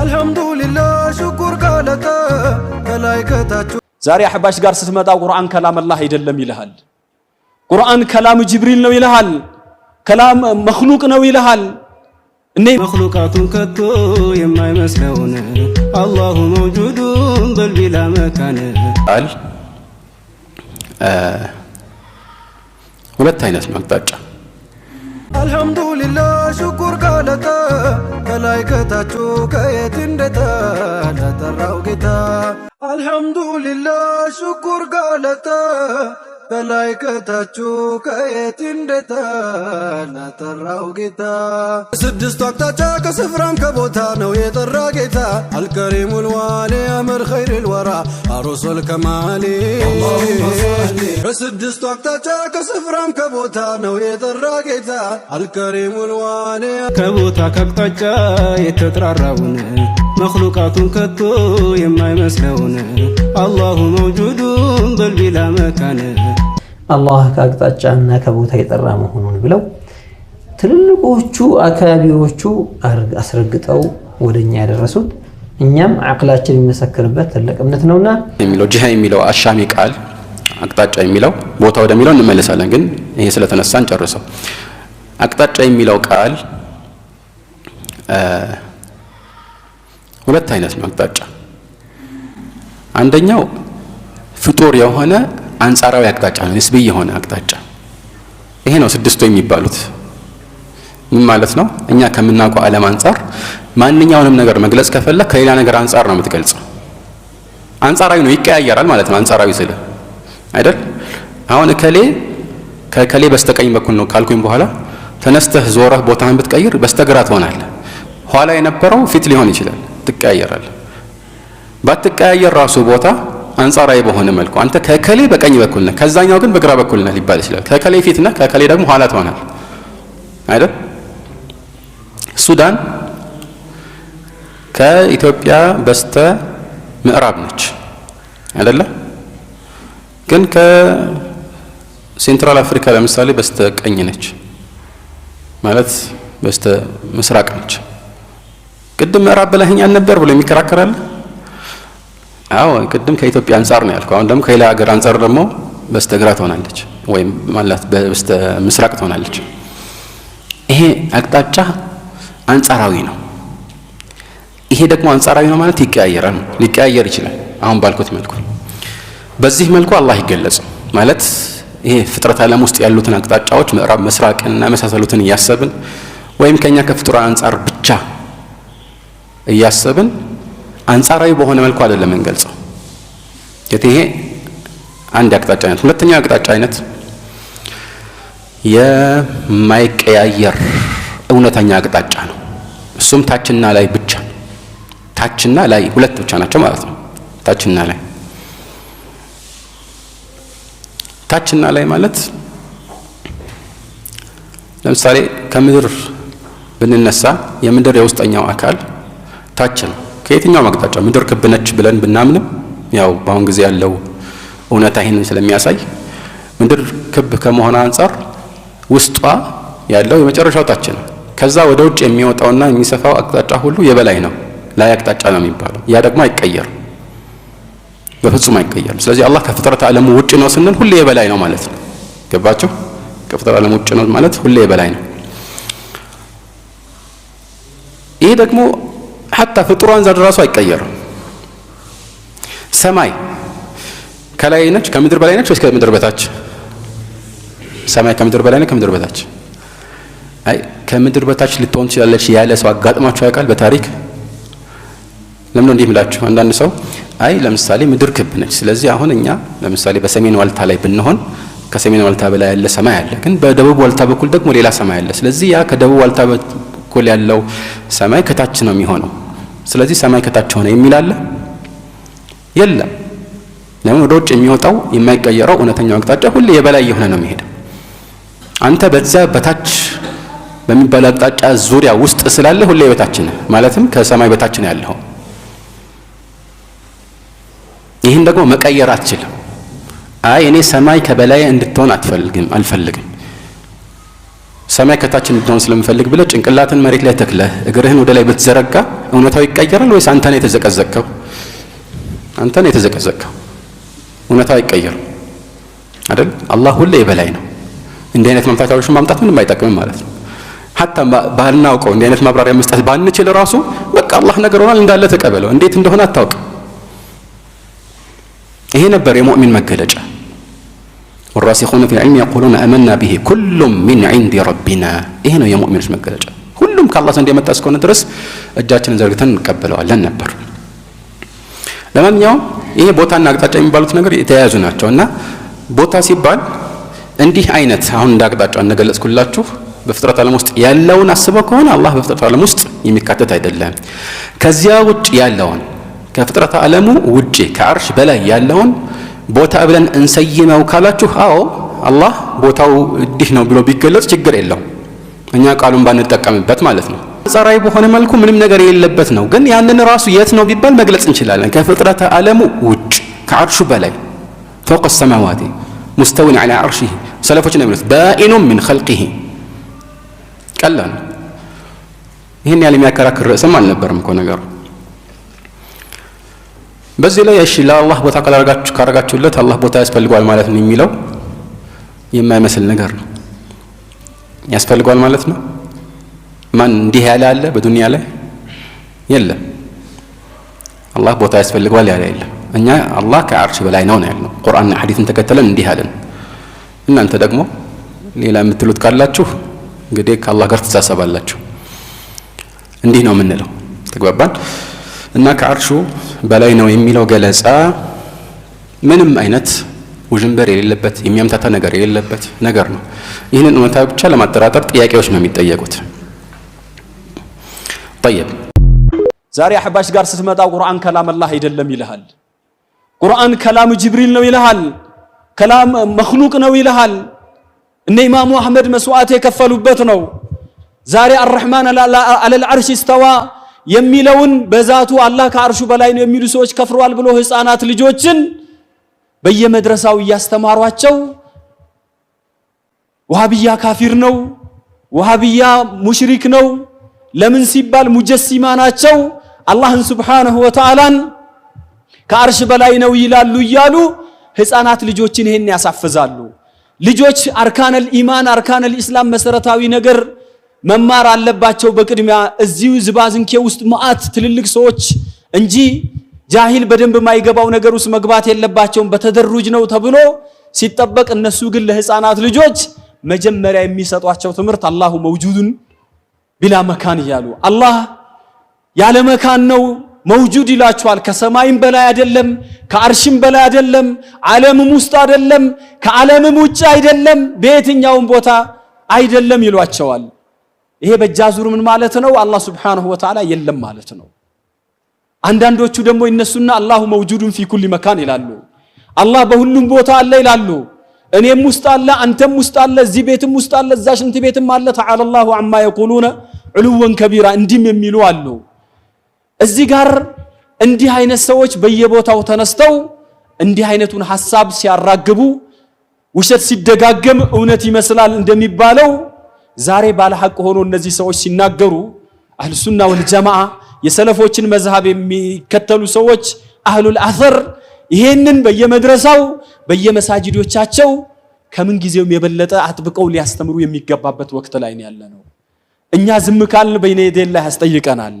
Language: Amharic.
አልሐምዱሊላህ ሽኩር ካለከ ከላይ ከታች ዛሬ አሕባሽ ጋር ስትመጣ ቁርአን ከላም አላህ አይደለም ይልሃል። ቁርአን ከላም ጅብሪል ነው ይልሃል። ከላም መክሉቅ ነው ይልሃል። እኔ መክሉቃቱን ከቶ የማይመስለውን አላሁ መውጁዱን በልቢላ መካነ ቃል ሁለት አይነት ነው አቅጣጫ አልሐምዱሊላህ ሽኩር ካለከ ከላይ ከታች ከየ الحمد لله شكر قالتا تلايك تاچوك ايتين دتا نتراو گتا سدست وقتا چاك سفرام كبوتا نو يترا الكريم الوالي امر خير الورا عروس الكمالي الله سدست وقتا چاك سفرام كبوتا نو يترا الكريم الوالي كبوتا كقطا يتترا رونه መክሉቃቱን ከቶ የማይመስለውን አላሁ መውጁዱን በልቢላ መካነ አላህ ከአቅጣጫና ከቦታ የጠራ መሆኑን ብለው ትልልቆቹ አካባቢዎቹ አስረግጠው ወደኛ ያደረሱት እኛም አቅላችን የሚመሰክርበት ትልቅ እምነት ነውና የሚለው ጂሃ የሚለው አሻሚ ቃል አቅጣጫ የሚለው ቦታ ወደሚለው እንመለሳለን። ግን ይሄ ስለተነሳ እንጨርሰው አቅጣጫ የሚለው ቃል ሁለት አይነት ነው አቅጣጫ። አንደኛው ፍጡር የሆነ አንጻራዊ አቅጣጫ ነው፣ ንስቢ የሆነ አቅጣጫ። ይሄ ነው ስድስቱ የሚባሉት። ምን ማለት ነው? እኛ ከምናውቀው ዓለም አንጻር ማንኛውንም ነገር መግለጽ ከፈለግ ከሌላ ነገር አንጻር ነው የምትገልጸው። አንጻራዊ ነው፣ ይቀያየራል ማለት ነው። አንጻራዊ ስለ አይደል? አሁን እከሌ ከከሌ በስተቀኝ በኩል ነው ካልኩኝ በኋላ ተነስተህ ዞረህ ቦታህን ብትቀይር በስተግራ ትሆናለህ። ኋላ የነበረው ፊት ሊሆን ይችላል። ትቀያየራለ። ባትቀያየር ራሱ ቦታ አንጻራዊ በሆነ መልኩ አንተ ከከሌ በቀኝ በኩል ነህ፣ ከዛኛው ግን በግራ በኩል ነህ ሊባል ይችላል። ከከሌ ፊት ነህ፣ ከከሌ ደግሞ ኋላ ትሆናል አይደል? ሱዳን ከኢትዮጵያ በስተ ምዕራብ ነች አይደለ? ግን ከሴንትራል አፍሪካ ለምሳሌ በስተ ቀኝ ነች ማለት በስተ ምስራቅ ነች። ቅድም ምዕራብ በላይኛል ነበር ብሎ የሚከራከራል። አዎ ቅድም ከኢትዮጵያ አንጻር ነው ያልኩ። አሁን ደግሞ ከሌላ ሀገር አንጻር ደግሞ በስተግራ ትሆናለች ወይም ማለት በስተ ምስራቅ ትሆናለች። ይሄ አቅጣጫ አንጻራዊ ነው። ይሄ ደግሞ አንጻራዊ ነው ማለት ይቀያየራል፣ ሊቀያየር ይችላል። አሁን ባልኩት መልኩ በዚህ መልኩ አላህ ይገለጽ ማለት ይሄ ፍጥረት ዓለም ውስጥ ያሉትን አቅጣጫዎች ምዕራብ፣ ምስራቅና መሳሰሉትን እያሰብን ወይም ከኛ ከፍጡራ አንጻር ብቻ እያሰብን አንጻራዊ በሆነ መልኩ አይደለም እንገልጸው። ይሄ አንድ አቅጣጫ አይነት። ሁለተኛው አቅጣጫ አይነት የማይቀያየር እውነተኛ አቅጣጫ ነው። እሱም ታችና ላይ ብቻ ታችና ላይ ሁለት ብቻ ናቸው ማለት ነው። ታችና ላይ ታችና ላይ ማለት ለምሳሌ ከምድር ብንነሳ የምድር የውስጠኛው አካል ታች ነው። ከየትኛው አቅጣጫ ምድር ክብ ነች ብለን ብናምንም ያው በአሁን ጊዜ ያለው እውነታ ይህንን ስለሚያሳይ ምድር ክብ ከመሆን አንጻር ውስጧ ያለው የመጨረሻው ታች ነው። ከዛ ወደ ውጭ የሚወጣውና የሚሰፋው አቅጣጫ ሁሉ የበላይ ነው፣ ላይ አቅጣጫ ነው የሚባለው። ያ ደግሞ አይቀየርም፣ በፍጹም አይቀየርም። ስለዚህ አላህ ከፍጥረት ዓለሙ ውጭ ነው ስንል ሁሌ የበላይ ነው ማለት ነው። ገባቸው? ከፍጥረት ዓለም ውጭ ነው ማለት ሁሌ የበላይ ነው። ይሄ ደግሞ ሐታ ፍጡሯን ዘር ራሱ አይቀየርም። ሰማይ ከላይ ነች ከምድር በላይ ነች ወይስ ከምድር በታች? ሰማይ ከምድር በላይ ነች ከምድር በታች? አይ ከምድር በታች ልትሆን ትችላለች ያለ ሰው አጋጥሟቸው ያውቃል በታሪክ? ለምን እንዲህ ምላችሁ? አንዳንድ ሰው አይ ለምሳሌ ምድር ክብ ነች፣ ስለዚህ አሁን እኛ ለምሳሌ በሰሜን ዋልታ ላይ ብንሆን ከሰሜን ዋልታ በላይ ያለ ሰማይ አለ፣ ግን በደቡብ ዋልታ በኩል ደግሞ ሌላ ሰማይ አለ። ስለዚህ ያ ከደቡብ ዋልታ በኩል ያለው ሰማይ ከታች ነው የሚሆነው ስለዚህ ሰማይ ከታች ሆነ የሚል አለ የለም። ለምን ወደ ውጭ የሚወጣው የማይቀየረው እውነተኛው አቅጣጫ ሁሌ የበላይ የሆነ ነው የሚሄደው። አንተ በዛ በታች በሚባል አቅጣጫ ዙሪያ ውስጥ ስላለ ሁሌ በታች ነህ፣ ማለትም ከሰማይ በታች ነው ያለው። ይህን ደግሞ መቀየር አትችልም። አይ እኔ ሰማይ ከበላይ እንድትሆን አትፈልግም አልፈልግም ሰማይ ከታችን እንድትሆን ስለምፈልግ ብለህ ጭንቅላትን መሬት ላይ ተክለህ እግርህን ወደ ላይ ብትዘረጋ እውነታው ይቀየራል ወይስ አንተ ነህ የተዘቀዘቅከው? አንተ ነህ የተዘቀዘቅከው። እውነታው አይቀየርም አይደል? አላህ ሁሌ የበላይ ነው። እንዲህ አይነት መምታቻዎችን ማምጣት ምንም አይጠቅምም ማለት ነው። ሀታ ባናውቀው እንዲህ አይነት ማብራሪያ መስጠት ባንችል ራሱ በቃ አላህ ነገር ሆኗል እንዳለ ተቀበለው። እንዴት እንደሆነ አታውቅም። ይሄ ነበር የሙእሚን መገለጫ ወራሲኹነ ፊል ዒልም የቁሉነ አመና ብሂ ኩሉም ሚን ዒንዲ ረቢና። ይሄ ነው የሙእሚኖች መገለጫ። ሁሉም ከአላህ ዘንድ የመጣ እስከሆነ ድረስ እጃችንን ዘርግተን እንቀበለዋለን ነበር። ለማንኛውም ይሄ ቦታና አቅጣጫ የሚባሉት ነገር የተያያዙ ናቸው እና ቦታ ሲባል እንዲህ አይነት አሁን እንደ አቅጣጫ እንደገለጽኩላችሁ በፍጥረት ዓለም ውስጥ ያለውን አስበው ከሆነ አላህ በፍጥረት ዓለም ውስጥ የሚካተት አይደለም። ከዚያ ውጭ ያለውን ከፍጥረት ዓለሙ ውጪ ከአርሽ በላይ ያለውን ቦታ ብለን እንሰይመው ካላችሁ፣ አዎ አላህ ቦታው እንዲህ ነው ብሎ ቢገለጽ ችግር የለው እኛ ቃሉን ባንጠቀምበት ማለት ነው። አንጻራዊ በሆነ መልኩ ምንም ነገር የለበት ነው። ግን ያንን ራሱ የት ነው ቢባል መግለጽ እንችላለን። ከፍጥረተ ዓለሙ ውጭ ከአርሹ በላይ ፈውቀ ሰማዋት ሙስተውን ዐላ አርሺህ ሰለፎች ነው የሚሉት ባኢኑ ምን ኸልቂህ ቀላል። ይህን ያህል የሚያከራክር ርዕስም አልነበርም እኮ ነገሩ። በዚህ ላይ እሺ ለአላህ ቦታ ካረጋችሁለት አላህ ቦታ ያስፈልገዋል ማለት ነው የሚለው የማይመስል ነገር ነው። ያስፈልገዋል ማለት ነው። ማን እንዲህ ያለ አለ? በዱንያ ላይ የለም። አላህ ቦታ ያስፈልገዋል ያለ የለም። እኛ አላህ ከአርሽ በላይ ነው ነው ያለው ቁርአንና ሐዲስን ተከተለን እንዲህ አለን። እናንተ ደግሞ ሌላ የምትሉት ካላችሁ እንግዲህ ከአላህ ጋር ትሳሰባላችሁ። እንዲህ ነው የምንለው። ተግባባን። እና ከአርሹ በላይ ነው የሚለው ገለጻ ምንም አይነት ውዥንበር የሌለበት የሚያምታታ ነገር የሌለበት ነገር ነው። ይህንን እውነታ ብቻ ለማጠራጠር ጥያቄዎች ነው የሚጠየቁት። ጠይብ ዛሬ አህባሽ ጋር ስትመጣ ቁርአን ከላም አላህ አይደለም ይልሃል። ቁርአን ከላም ጅብሪል ነው ይልሃል። ከላም መክሉቅ ነው ይልሃል። እነ ኢማሙ አህመድ መስዋዕት የከፈሉበት ነው። ዛሬ አርህማን አለል አርሽ ስተዋ የሚለውን በዛቱ አላህ ከአርሹ በላይ ነው የሚሉ ሰዎች ከፍረዋል ብሎ ህፃናት ልጆችን በየመድረሳው እያስተማሯቸው ውሃብያ ካፊር ነው፣ ውሃብያ ሙሽሪክ ነው፣ ለምን ሲባል ሙጀሲማ ናቸው፣ አላህን ሱብሓነሁ ወተዓላን ከአርሽ በላይ ነው ይላሉ እያሉ ህፃናት ልጆችን ይሄን ያሳፍዛሉ። ልጆች አርካነል ኢማን አርካነል ኢስላም መሰረታዊ ነገር መማር አለባቸው። በቅድሚያ እዚሁ ዝባዝንኬ ውስጥ መዓት ትልልቅ ሰዎች እንጂ ጃሂል በደንብ የማይገባው ነገር ውስጥ መግባት የለባቸውም። በተደሩጅ ነው ተብሎ ሲጠበቅ፣ እነሱ ግን ለህፃናት ልጆች መጀመሪያ የሚሰጧቸው ትምህርት አላሁ መውጁዱን ቢላ መካን እያሉ አላህ ያለ መካን ነው መውጁድ ይላችኋል። ከሰማይም በላይ አይደለም፣ ከአርሽም በላይ አይደለም፣ ዓለምም ውስጥ አይደለም፣ ከዓለምም ውጭ አይደለም፣ በየትኛውም ቦታ አይደለም ይሏቸዋል። ይሄ በእጃዙር ምን ማለት ነው? አላህ ሱብሓነሁ ወተዓላ የለም ማለት ነው። አንዳንዶቹ ደግሞ ይነሱና አላሁ መውጁዱን ፊ ኩሊ መካን ይላሉ። አላህ በሁሉም ቦታ አለ ይላሉ። እኔም ውስጥ አለ፣ አንተም ውስጥ አለ፣ እዚህ ቤትም ውስጥ አለ፣ እዛ ሽንት ቤትም አለ። ተዓላ አላሁ አማ የቁሉነ ዕሉወን ከቢራ እንዲህም የሚሉ አሉ። እዚህ ጋር እንዲህ አይነት ሰዎች በየቦታው ተነስተው እንዲህ አይነቱን ሐሳብ ሲያራግቡ ውሸት ሲደጋገም እውነት ይመስላል እንደሚባለው ዛሬ ባለ ሀቅ ሆኖ እነዚህ ሰዎች ሲናገሩ አህልሱና ወልጀማዓ የሰለፎችን መዝሃብ የሚከተሉ ሰዎች አህሉል አሰር ይሄንን በየመድረሳው በየመሳጅዶቻቸው ከምን ጊዜውም የበለጠ አጥብቀው ሊያስተምሩ የሚገባበት ወቅት ላይ ነው ያለነው። እኛ ዝም ካልን በይነ ላይ ያስጠይቀናል።